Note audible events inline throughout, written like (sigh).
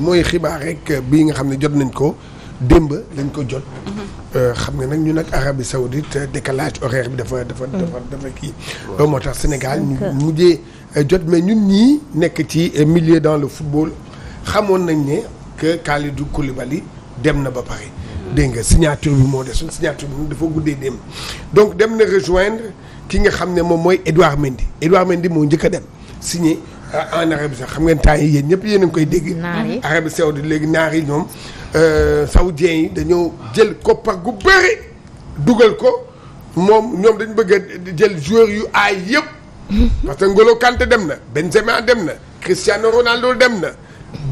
mooy xibaar rek euh, bii nga xam ne jot nañ ko démb lañ ko jot. Mhm. Euh, xam nga nag ñu nag arabi Saoudite euh, décalage horaire bi dafa dafa mhm. dafa dafa kii. loolu moo tax Sénégal ñu mujjee jot mais ñu ñii nekk ci milieu dans le football xamoon nañ ne que Kalidou Koulibaly dem na ba pare. Mhm. dégg nga signature bi moo desoon signature bi dafa guddee dem donc dem na rejoindre ki nga xam ne moom mooy Edouard Mendy Edouard Mendy moo njëkk a dem signé. Ah, en Arabie sax xam ngeen temps yi yéen ñëpp yéen a koy dégg. naar yi Arabie Saoudite léegi naar yi ñoom euh, saoudiens yi dañoo jël koppa gu bëri dugal ko moom ñoom dañu bëgg jël joueurs yu aay yëpp. (laughs) parce que Ngolo Kanté dem na Benzema dem na Cristiano Ronaldo dem na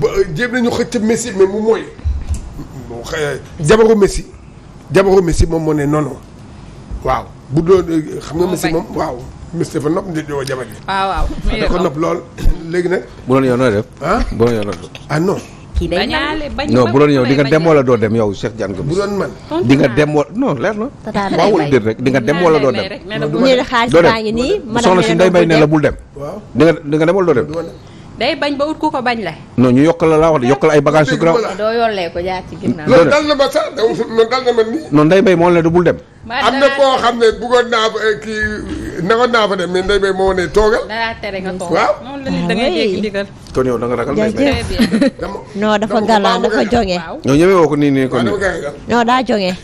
ba euh, jéem nañu xëcc Messi mais mu mooy euh, jabaru Messi jabaru Messi moom moo ne non waaw bu doon xam nga Messi moom waaw. Miss dafa nopp nit ñoo jabar ji. waaw waaw ah, dafa nopp lool léegi nag. bu doon yow nooy def. ah bu doon yow nooy def. ah non. kii day non bu doon yow di nga dem wala doo dem yow Cheikh Diagne Gomis. bu doon man di nga dem wala non leer na. waaw wala déet rek di nga dem wala doo dem. doo dem soxna si nday may ne la bul dem. waaw di nga di nga dem wala doo dem. day bañ ba ut ku ko bañ la. non ñu yokkal la laa wax de yokkal ay bagages yu graw. doo yorlee ko jaar ci ginnaaw. loolu dal na ma sax dal na ma nii. non nday may moo la ne du bul dem. am na koo xam ne bëggoon naa eh, kii nagoon naa fa dem mais Ndeye Mbaye moo ne toogal. waaw. da ngay dégg ndigal. Ah, kon yow da nga ragal Ndeye Mbaye. non dafa galaan dafa joŋe. ñoo ñëwee woo ko nii nii kon. non daa joŋe.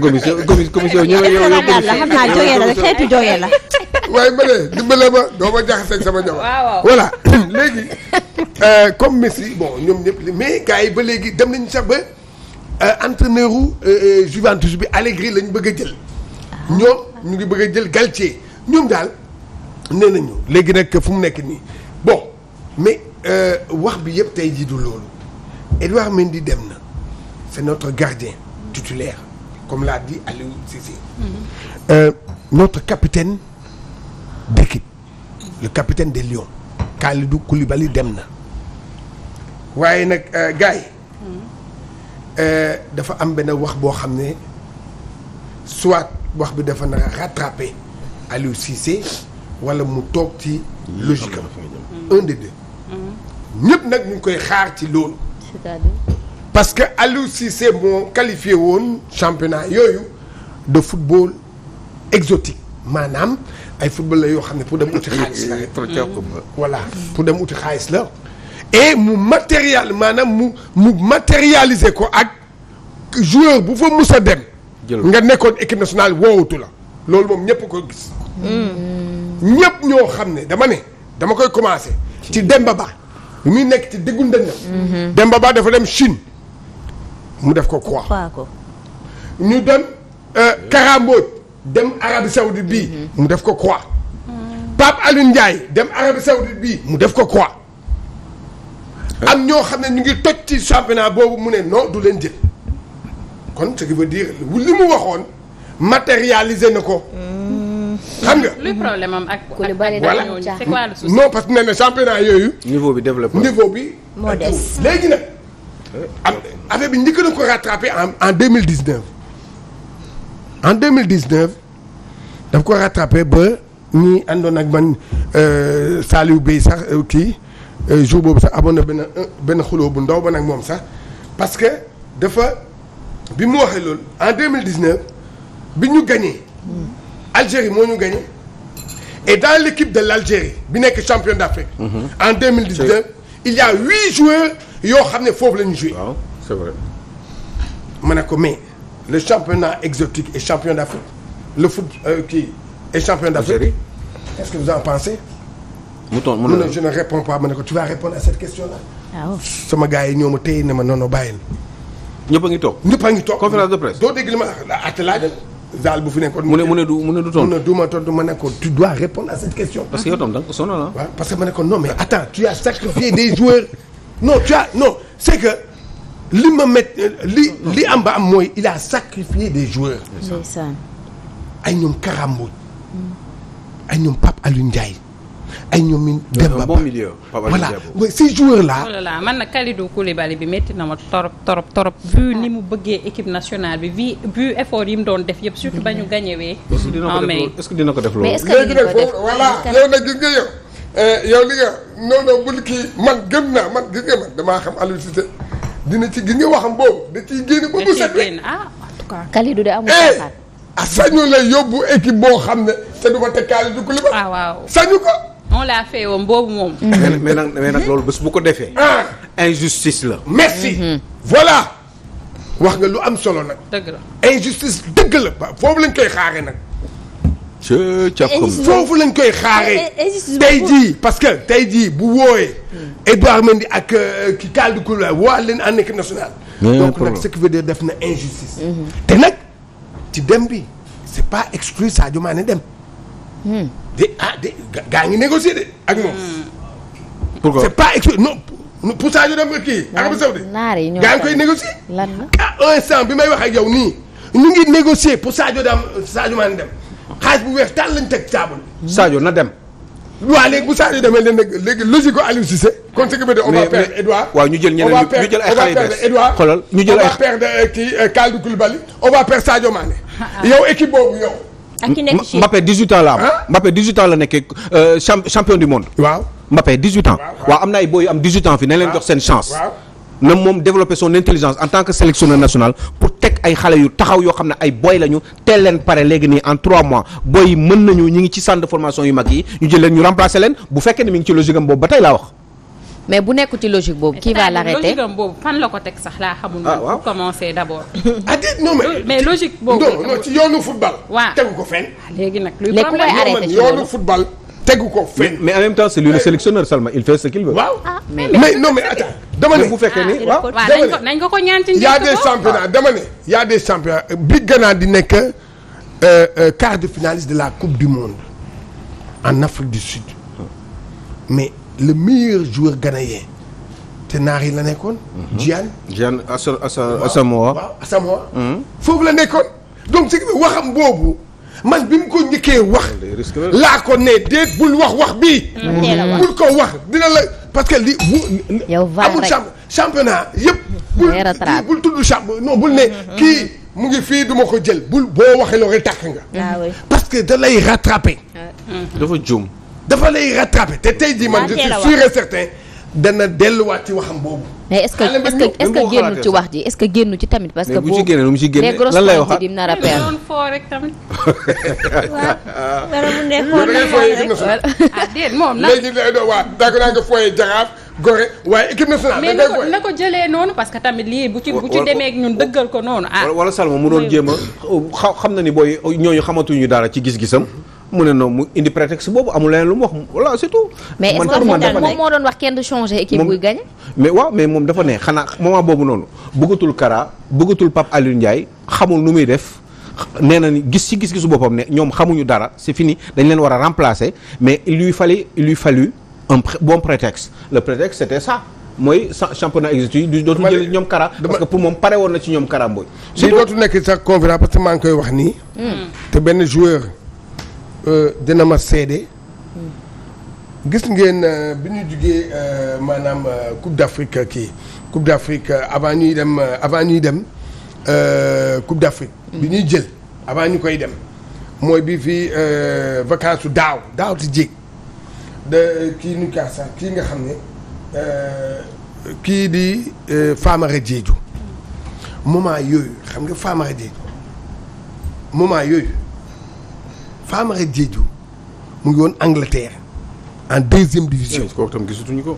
gomis gomis gomis yow ñëwee yow yow gomis. xam naa la xeetu joŋe la. (laughs) waaye ba de dimbale ma doo (clears throat) euh, comme Messi bon ñoom ñëpp mais gars yi ba léegi dem nañu sax ba euh, entraîneur u euh, Juventus bi Allegri lañ bëgg a jël. Ah. ñoom ñu ngi bëgg jël Galtier ñoom daal nee nañu léegi nag fu mu nekk nii bo mais euh, wax bi yëpp tey jii du loolu Edouard Mendy dem na c'est notre gardien titulaire comme l'a dit Aliou Cissé mm-hmm. euh, notre capitaine d'équipe le capitaine des Lions Kalidou bali dem na waaye nag euh, gars yi mm-hmm. euh, dafa am benn wax boo xam ne soit wax bi dafa nar a rattrapé Aliou Cissé wala mu toog ci logique am un des deux ñëpp nag ñu ngi koy xaar ci loolu cest à parce que Aliou Cissé moo qualifié woon championnat yooyu de football exotique maanaam ay football la yoo xam ne pour dem uti xaalis la voilà pour dem uti xaalis la et mu matérial maanaam mu mu matérialiser ko ak joueur bu fa musa a dem nga nekkoon équipe nationale woowutu la loolu moom ñëpp ko gis. ñëpp ñoo xam ne dama ne dama koy commencé. ci Demba Ba bi muy nekk ci diggu ndëndam. Demba Ba dafa dem Chine mu def ko croix. ko ñu dem euh, Karambooj dem Arabie Saoudite bii mu def ko croix. Pape Alioune dem Arabie Saoudite bii mu def ko croix. am ñoo xam ne ñu ngi toj ci championnat boobu mu ne non du leen jël kon ce qui veut dire li mu waxoon. matérialiser na ko. xam nga. luy problème am ak Koulibaly voilà c'est quoi le souci non parce que na championnat yooyu. niveau bi développé niveau bi. moo des léegi nag. am affaire bi njëkk na ko rattrapé en en deux mille dix neuf. en deux mille dix neuf daf ko rattrapé ba ñi àndoon ak man euh, Saliou Bey sax euh, kii euh, jour boobu sax aboon na benn benn xuloo bu ndaw ba nag moom sax parce que dafa bi mu waxee loolu en deux mille dix neuf bi ñu gagné. Algérie moo ñu gagné. et dans l' de l' Algérie bi nekk champion d' Afrique. Mhm. en deux mille dix deux il y huit joueurs yoo xam ne foofu la ñu joué. waaw vrai. ma ne ko mais le championnat exotique est champion d' le foot kii euh, est champion d' Afrique. Algérie qu' est ce que ko tu vas répondre à cette question là. Ah, oh. sama gars yi ñoo ma téye na ma noonu bàyyil. ñëpp a ngi toog ñëpp a ngi toog conférence de presse. la laaj. zaal bu fi nekkoon. mu ne mu ne du mu ne du tontu mu ne du ma tontu ma nekkoon tu dois répondre à cette question. Ah. non mais attends tu as sacrifié des joueurs non tu c'est que li ma met euh, li li am ba am mooy il a sacrifié des joueurs. ndeysaan ay ñoom Karam Mbodj ay ñoom Pape Alioune Ndiaye. ay ñoom ñu. Demba Ba voilà mais ces joueurs oh là. voilà man nag Kalidou Koulibaly bi métti na ma torop torop torop vu ah. ni mu bëggee équipe nationale bi vu vu effort yi mu doon def yëpp surtout ba ñu gañewee. est-ce que dina ko def loolu est-ce da ciy génn ba mu set rek ah en tout cas Kalidou de amul eh, ah, sañu la yóbbu équipe boo xam ne te du ma teg Kalidou Koulibaly. Ah, sañu ko. on l'a fait woon boobu moom. mais nag mais nag loolu bés bu ko defee. Ah. injustice la. merci. Mhm. voilà. wax nga lu am solo nag. dëgg la injustice dëgg la ba foofu lañ koy xaaree nag. foofu lañ koy xaaree. Eh, tey jii parce que tey jii bu wooyee. Edouard ak euh, ki Kalidou Koulibaly woo leen en équipe nationale. donc nag ce qui def na injustice. Mhm. te nag ci dem bi c'est pas exclu Sadio Mané dem. Hmm. de ah de gaa ngi négocier de ak moom. Hmm. pourquoi c'est pas expli non pour Sadio dem kii. Arabie Saoudite gaa ngi koy négocier. lan la à instant bi may wax ak yow nii ñu ngi négocier pour Sadio dem Sadio Mané dem xaalis bu weex tàll lañ teg table. Hmm. Sadio na dem. waaw léegi bu Sadio demee léegi nag léegi logique ko Aliou Cissé. kon ce qui veut dire on va perdre Edouard. waaw ñu jël ñeneen ñu jël ay xale yu des xoolal ñu jël ay on va perdre Edouard. on va perdre euh, kii euh, Kalidou Koulibaly on va perdre Sadio Mané. yow équipe boobu yow. ak ki nekk Chine Mbappé 18 ans la am. Mbappé 18 ans la nekkee euh, champion du monde. waaw Mbappé 18 ans. waaw am na ay booy am 18 ans fii nañ leen jox seen chance. na moom développer son intelligence en tant que sélectionneur national pour teg ay xale yu taxaw yoo xam ne ay booy lañu teel leen pare léegi nii en trois mois booy yi mën nañu ñi ngi ci centre de formation yu mag yi ñu jël leen ñu remplacer leen bu fekkee ne mi ngi ci logique am boobu ba tey laa wax. mais bu nekku ci boobu. qui va l'arrêter logique boobu fan la ko teg sax laa xamul. ah waaw pour commencer d'abord. (laughs) ah non mais logique boobu. non ci yoonu ah, football. tegu ko fenn. nag luy problème arrêté tegu ko mais en même temps c'est lui le sélectionneur seulement il fait ce waaw ah, mais non mais attends dama ne bu fekkee ni ah, waaw nañ ko ko ñaan ci y a a euh, bi Ghana di nekk euh, euh, quart de finaliste de la coupe du monde en Afrique du Sud le meilleur joueur ghanéen te naar yi la nekkoon. Mhm. Diagne. Diagne Assa Assa Asamoah. waaw Asamoah. Mhm. foofu la nekkoon donc si waxam boobu man bi mu ko njëkkee wax. laa ko ne déet bul wax wax bi mm. bul ko wax dina la parce que li bu. yow amul championnat yëpp. bul bul tudd bul ne mm-hmm. kii mu ngi fii duma ko jël bul boo waxee loolu tàkk nga. Ah parce que da lay dafa juum. dafa lay rattraper te tey jii man je suis sûr et dana delluwaat ci waxam boobu. mais est-ce que est génnu ci wax ji est-ce que génnu ci tamit. parce que bu ci génne mu ci a perte. doon foo rek tamit. dara mu nekk waa daa ko naa nga fooyee jaraaf gore waaye équipe nationale. mais na ko na ko jëlee noonu parce que tamit lii bu ci bu ci demee ak ñun dëggal ko noonu ah. wala Salma mu doon jéem a xam na ni booy ñooñu xamatuñu dara ci gis-gisam. mu ne noonu mu indi prétexte boobu amul leneen lu mu wax voilà c'est tout. mais est-ce que moom doon wax kenn du changer équipe buy gagné. mais waaw mais moom dafa ne xanaa moment boobu noonu bëggatul Kara bëggatul Pape Alioune Ndiaye xamul nu muy def. nee na ni gis ci gis-gisu boppam ne ñoom xamuñu dara c'est fini dañ leen war a remplacer mais il lui fallait il lui fallut un bon prétexte le prétexte c'était ça mooy championnat exécutif yi du dootul jël ñoom Kara parce que pour moom pare woon na ci ñoom Kara Mbodj. surtout dootu nekk sax parce que maa ngi koy wax nii. Hmm. te benn joueur. Euh, dina ma seede gis ngeen euh, bi ñu jugee euh, maanaam Coupe d'Afrique kii Coupe d'Afrique avant ñuy dem avant ñuy dem Coupe d'Afrique. Mm. bi ñuy jël avant ñu koy dem. mooy bi fii vacance su daaw daaw ti jéeg da kii nu kaa kii nga xam ne kii di Famara Diédhiou moment yooyu xam nga Famara Diédhiou moment yooyu. Famara Diédhiou mu ngi woon Angleterre en deuxième division. kooku gisatuñu ko.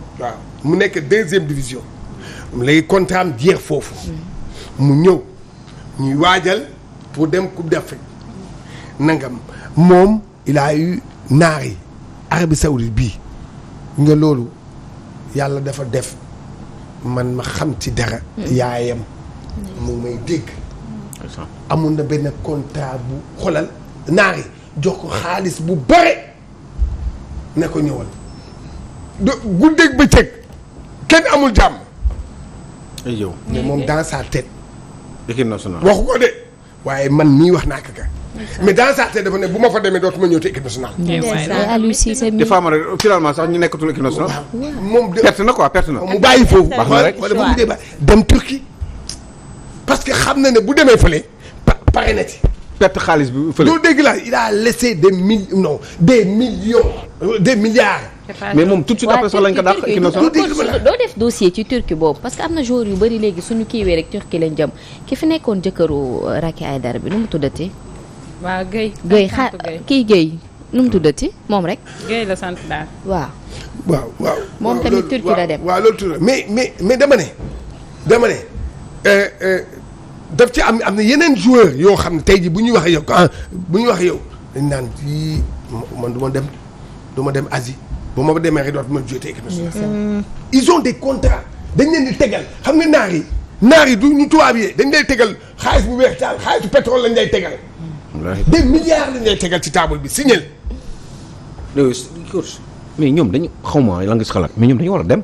mu nekk deuxième division. lay contrat am jeex foofu. mu ñëw ñuy waajal pour dem ku d'Afrique nangam moom il a eu naar yi Arabie Saoudite bii nga loolu yàlla dafa def man ma xam ci dara. yaayam mu may dégg. amoon na benn contrat bu xolal naar yi jox ko xaalis bu bare ne ko ñëwal de ba bëccëg kenn amul jàmm. ay yow moom dans sa tête. équipe nationale waxu ko de waaye man mii wax naa ko ka mais dans sa dafa ne bu ma fa demee dootuma ñëw te équipe nationale. finalement sax ñu nekkatul équipe moom de perte na quoi perte na. mu bàyyi foofu baax na rek wala mu dem Turquie. parce que xam na ne bu demee fële pare na ci. perte xaalis bi fële. doo dégg la il a laissé des mil non des millions des milliards. mais moom tout de suite soo lañ ko dàq. doo def dossier ci Turquie boobu parce que am na jour yu bëri léegi suñu kiiwee rek Turquie lañ jëm ki fi nekkoon jëkkëru euh, Racky Aïdara bi nu mu tuddati. waaw Guèye. Guèye xaar kii Guèye nu mu tuddati moom rek. Guèye la sant daal. waaw. waaw waaw. moom tamit Turquie la dem waaw loolu mais mais mais ne dama ne. Euh, euh, daf ci am am na yeneen joueur yoo xam ne tey jii bu ñuy waxee yow ah bu ñuy wax yow dañ naan fii man du ma dem du ma dem Asie bu ma demee rek dootu ma jotee équipe nationale ils ont des contrats dañ leen di tegal xam nga naar yi naar yi du dañ lay tegal xaalis bu weex taal xaalisu pétrole lañ lay tegal. de milliards lañ lay tegal ci table bi signal. mais ñoom dañu xaw ma la nga si xalaat mais ñoom dañu war a dem.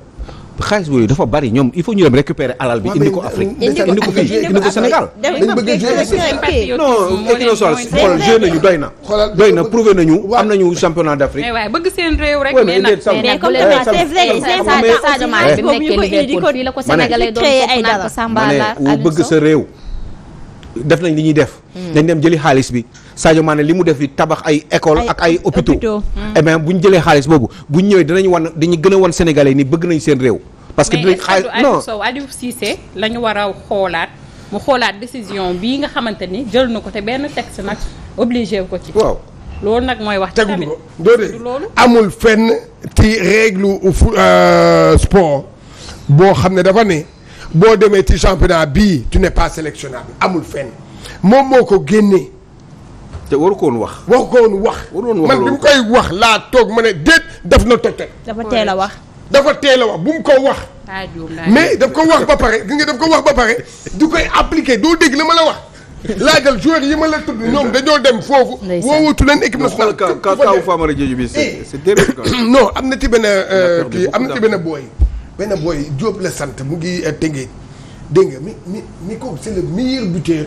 xaalis boobu dafa bari ñoom il faut ñu dem récupérer alal bi indi ko Afrique indi ko ko Sénégal dañ bëgg jeu non équipe nationale xool jeu nañu doy na doy na am nañu championnat d'Afrique mais bëgg seen réew rek mais nag c'est vrai ça Sadio Mané bi mu nekkee Liverpool fii la ko bëgg sa réew def nañ li ñuy def dañ dem jëli xaalis bi Sadio Mané li mu def di tabax ay école ak ay hôpitaux et eh bien jëlee xaalis boobu bu ñu ñëwee danañu wan dañu gën a wan sénégalais yi ni bëgg nañ seen réew parce que dinañ xaalis non Sow Aliou Cissé la ñu war a xoolaat mu xoolaat décision bii nga xamante ni jël na ko te benn texte nag obligé ko ci waaw loolu nag mooy wax tamit tegu amul fenn ci règle fu euh, sport boo xam ne dafa ne boo demee ci championnat bii tu n'es pas sélectionnable amul fenn moom moo ko génnee te waru ko woon wax. waru ko woon wax. man bi mu koy wax laa toog ma ne déet daf na toj dafa teel a wax. dafa teel a wax bu mu ko wax. mais daf ko wax ba pare gi nga daf ko wax ba pare du koy appliquer doo dégg la ma la wax. laajal joueurs yi ma la tudd ñoom dañoo dem foofu. woowatu leen équipe nationale ka kaawu Famara Diédhiou bi c'est eh. (coughs) non am na ci benn euh, kii am na ci benn booy. benn booy Diop la sant mu ngi euh, Tëngéej dégg nga mi mi mi ko c'est le meilleur buteur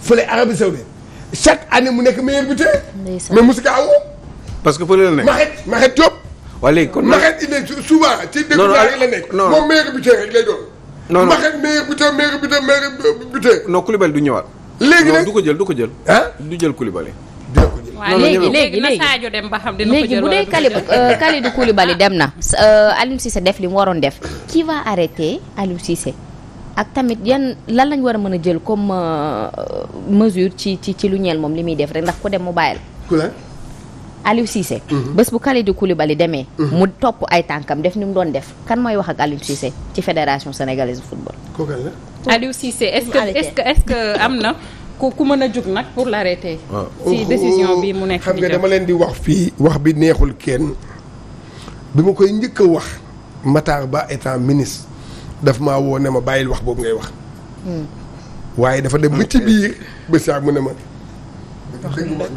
fële Arabie Saoudite chaque année mu nekk meilleur buteur. mais musu kaa woo. parce que fële la nekk Maxet Maxet Diop. waa léegi kon Maxet il est souvent ci dëkk yi la nekk. non moom meilleur buteur Maxet meilleur buteur meilleur buteur meilleur buteur. du ñëwaat. léegi nag du ko jël du ko jël. ah du jël Koulibaly. waaw léegi léegi léegi na Sadio dem ba xam dina léegi bu dee Kalidou euh, Kalidou Koulibaly dem na. Euh, Aliou Cissé def li mu waroon def. qui va arrêter Aliou Cissé ak tamit yan lan lañ war a mën a jël comme euh, mesure ci ci ci lu ñeel moom li muy def rek ndax ko dem mu bàyyil Aliou Cissé. Mhm. bés bu Kalidou Koulibaly demee. Mhm. mu topp ay tànkam def ni mu doon def kan mooy wax ak Aliou Cissé ci fédération sénégalaise de football. kooku la Aliou Cissé est-ce que est-ce que am na ku ku mën a jug nag pour l'arrêter. Ah. si oh, décision bi mu oh. nekk xam nga dama leen di wax fii wax bi neexul kenn bi ma koy njëkk a wax Matar Ba étant daf maa woo ne ma bàyyil wax boobu ngay wax. Hmm. waaye dafa dem ba ci biir ba mu ne ma. wax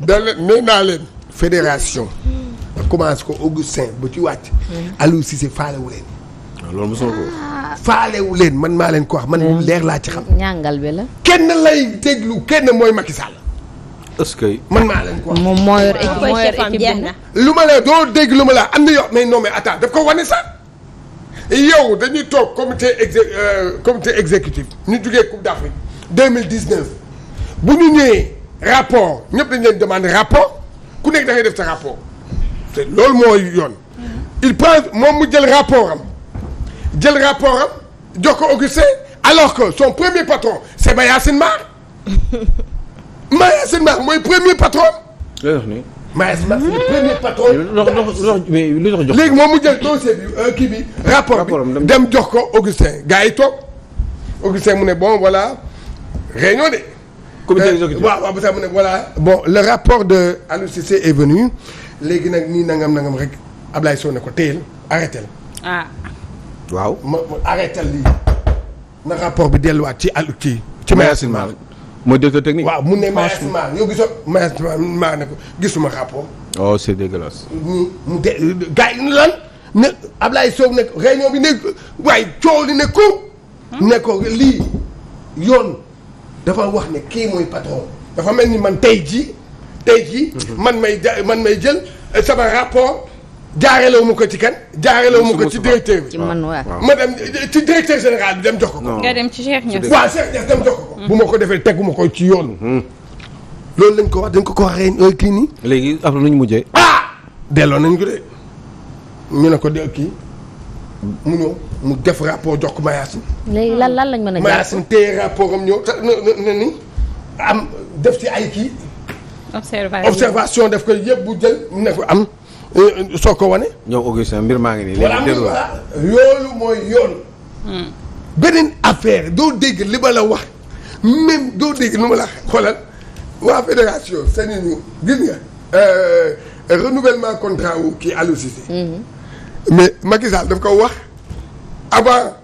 dëgg (laughs) leen nee naa leen. fédération. ba hmm. commencé ko Augustin ba ci wàcc. Hmm. Aliou Cissé faalewu leen. Ah, waaw ah. faalewu leen man maa leen ko wax man leer laa ci xam. ñàngal bi la. kenn lay déglu kenn mooy makki Sall. est que man maa leen ko wax. moom moo yor équipe moo lu ma la doo dégg lu ma la am na yoo mais non mais attends daf ko wane sax. yow dañuy toog comité exe euh, comité exécutif ñu jugee Coupe d'Afrique 2019 bu ñu ñëwee rapport ñëpp dañ leen demande rapport ku nekk def sa rapport te loolu mooy yoon. Mm-hmm. il prend moom mu jël rapport am jël rapport am jox ko alors que son premier patron c'est Mayacine Mar (laughs) Mayacine Mar mooy premier patron. Maes Max le premier patron. lu tax jox léegi moom mu jël dossier bi euh, kii bi. rapport bi dem jox ko Augustin gars yi toog Augustin mu ne bon voilà réunion de. comité euh, exécutif waaw waaw mu ne voilà. bon le rapport de Aliou Cissé est venu léegi nag nii nangam nangam rek Ablaye Sow ne ko téyel arrêté ah. waaw ma ma lii. na rapport bi delluwaat ci Aliou ci ci Mayacine Mar. mooy directeur technique. waaw mu ne maa yow gisoo maa ne ko gisuma rapport. oh c'est dégueulasse. mu mu de gars lan ne Ablaye Sow ne réunion bi ne waaye coow li ne ko. ne ko lii yoon dafa wax ne kii mooy patron. dafa mel ni man tey jii tey jii. Mhm. man may ja man may jël sama rapport. jaarelewu ma ko ci kan. jaarelewu ma ko ci directeur bi. ci man waaw ma dem ci directeur général bi dem jox ko. nga dem ci Cheikh Niass. waaw Cheikh Niass dem jox ko. bu ma ko defee teguma ma ko ci yoon. Hmm. loolu lañ ko wax dañ ko ko waxee euh, kii nii. léegi am na lu ñu mujjee. ah delloo nañ ko de ne ko de kii mu ñëw mu def rapport jox ko Mayacine. léegi lan lan lañ mën a jàpp Mayacine téye rapport am ñëw te na ni am def ci ay kii. observation observation def ko yëpp bu jël ne ko am. Eh, soo ko wane. ñoom Augustin mbir maa ngi nii. léegi dégluwaat voilà loolu mooy yoon. Hmm. beneen affaire doo dégg li ma la wax même doo dégg li ma la xoolal waa fédération seen i ñu gis nga euh, renouvellement contrat wu kii Aliou Cissé. Hmm. mais Macky Sall daf ko wax avant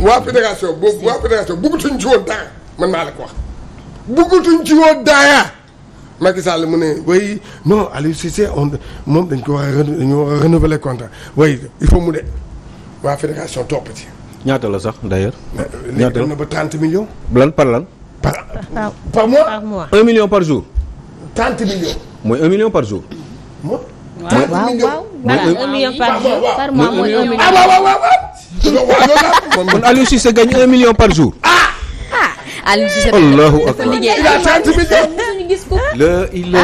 waa fédération boobu waa fédération bëggatuñ ci woon dara man maa la ko wax bëggatuñ ci woon dara. Macky Sall mu ne way non Aliou Cissé on moom dañ ko war a dañu war a renouveler contrat way il faut mu de waa fédération topp ci. ñaata la sax d'ailleurs. Euh, ñaata la léegi dem na ba 30 millions. lan par lan. par par mois par mois. 1 million par jour. 30 millions. mooy 1 million par jour. moom. Ah, waaw waaw voilà (laughs) 1 million par jour ah! Aliou Cissé dafa liggéey suñu gis ko Aliou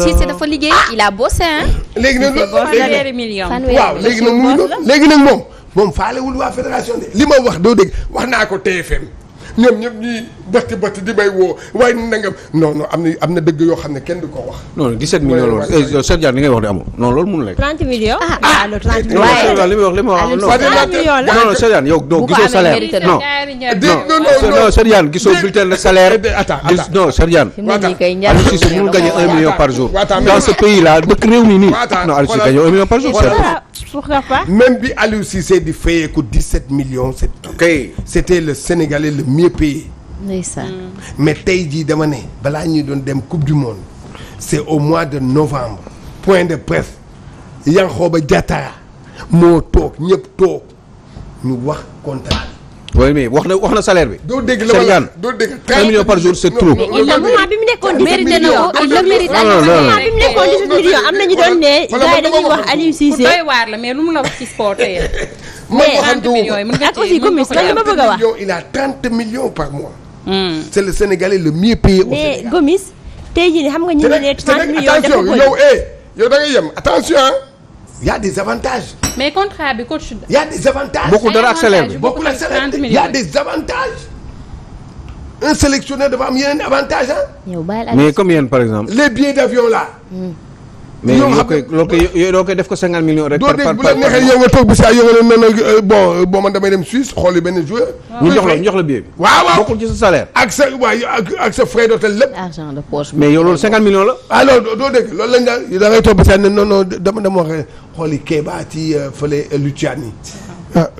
ah, Cissé dafa liggéey il a bossé hein léegi nag fanweeri million waaw léegi nag mu ngi léegi nag moom moom faalewul waa fédération de li ma wax doo dégg wax naa ko TFM ñoom ñëpp ñuy bati bati di bay woo waaye nangam non non am na dëgg yoo xam ne kenn du ko wax. non non 17 millions loolu. waaw Cheikh Diagne li ngay wax de amul non loolu la non non Cheikh gisoo salaire. Ah, non non Cheikh Diagne gisoo bulletin de salaire. attends attends non Cheikh Diagne. Aliou Cissé mënul gagné million par jour. dans ce pays là dëkk réew mi nii. non Aliou Cissé gagné million par jour. pourquoi pas. bi Aliou Cissé di fayeeku 17 millions. ok c'était le Sénégalais le mu payés. Mm. mais tey jii dama ne balaa ñuy doon dem coupe du monde c'est au mois de novembre point de presse Yankhoba Diattara moo toog ñëpp toog ñu wax contrat. oui mais wax na wax na salaire bi. doo dégg la wala doo dégg. million par jour c'est trop. mais il a moment bi mu nekkoon 10 millions ak le mérite ak bi mu nekkoon 10 millions am na ñu doon ne. gars dañuy wax Aliou Cissé. mais lu mu la wax ci sport (laughs) mais ak aussi comme lan ma bëgg a wax il a 30 millions par mois. Hmm. c' le Sénégalais le mieux payé au Sénégal mais Gomis tey jii xam nga ñu ne 30 millions attention yow eh, a des avantages. mais contrat bi coach. y' a des avantages. bokkul dara ak salaire bi bokkul ak salaire un sélectionneur dafa am yeneen mais comme yéen par exemple. les billets d' avion mais ñoo koy loolu koy yooyu def ko 50 millions rek. par par par doo dégg bu la neexee yow nga toog bi saa yow nga ne euh, bon euh, bon man damay dem Suisse xooli benn jox la ñu jox bi. sa salaire. ak sa waay ak sa frais d'hôtel lépp. argent de yow loolu 50 millions la. ah doo dégg loolu lañ daan da ngay toog bi saa ne non non dama dama wax xooli Kéba ci euh, fële Luciani ah. ah.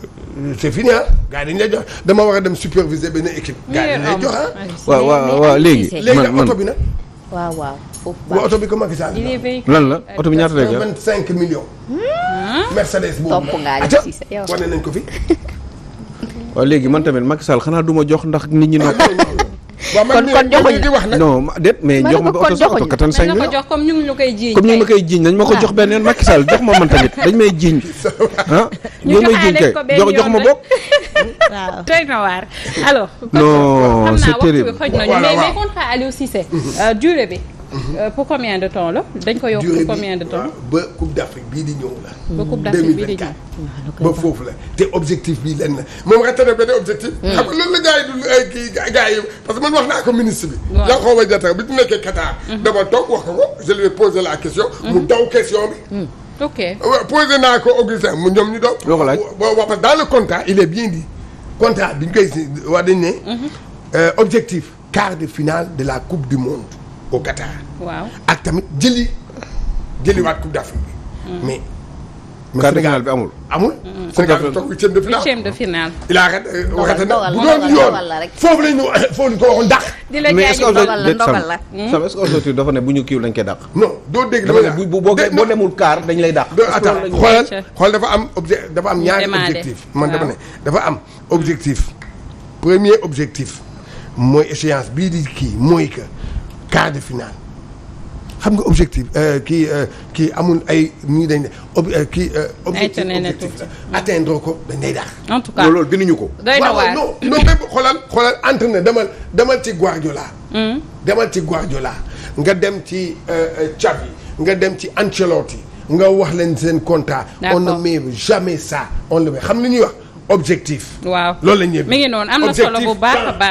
c'est fini ah gars yi dañu jox dama war a dem superviser benn équipe. gars yi dañu lay jox ah. waaw waaw waaw léegi. man man léegi oto bi nag. waaw waaw foofu baax bi ko Macky Sall lan la oto bi ñaata lay jar vingt cinq millions. Hmm? Mercedes boobu topp ngaa ci sa ko fi. (laughs) waaw léegi man tamit Macky Sall xanaa duma jox ndax nit ñi noo. (laughs) kon kon joxuñu di wax nag non déet mais jox ma ba oto oto quatre-vingt-cinq millions jox comme ñu ngi ma koy jiiñ comme ñu ngi ma koy jiiñ nañ ma ko ah. jox beneen Macky Sall jox ma man tamit dañ may jiiñ (laughs) ah. ñu joxaale ko benn yoon jox ma bokk. waaw doy na waar alors. non c'est terrible xam naa waxtu bi xoj euh, bi. Mhm. Euh, la dañ ko yokk de temps ba bii di ñëw la. ba foofu la te objectif bii lenn la moom rattané benn objectif. Hmm. xam nga loolu la gars yi dul parce que man wax naa ko ministre bi. waaw yaa xoo ma jàttal bi ñu nekkee Qatar. Hmm. dama toog wax ko je lui ai la question. Hmm. mu daw question bi. ok posé naa ko Augustin mu ñoom ñu daw. loo ko laaj dans le contrat il est bien dit. contrat bi ñu koy si wax dañ ne. Mhm. Euh, objectif quart de finale de la coupe du monde au Qatar. waaw ak tamit jëli jëliwaat coupe d'Afrique bi. Mhm. mais Sénégal bi amul. amul. Mm-hmm. Sénégal bi de finale a euh, foofu lañ foofu lañ ko waxoon dàq. di la jaajëf ndogal la ndogal la mais hmm? est ce que aujourd'hui dafa ne bu ñu kiiw lañ koy dàq. non doo bu bu boo boo demul kaar dañ lay dàq. attends xoolal xool dafa am obje dafa am ñaari objectif man dafa ne dafa am objectif. premier objectif mooy échéance bii di kii mooy que quart de finale. xam nga objectif euh, kii euh, kii amul ay nii dañ ne euh, kii. objectif objectif la atteindre ko dañ lay daax. en tout cas ko. doy na waar non non bépp xoolal xoolal entraîné demal demal ci Guardiola. Hmm? demal ci Guardiola nga dem ci Xavi nga dem ci Ancelotti nga wax leen seen contrat. on ne met jamais ça on le met xam ni ñuy wax objectif. waaw loolu la ñuy mi ngi noonu am na solo bu baax a baax.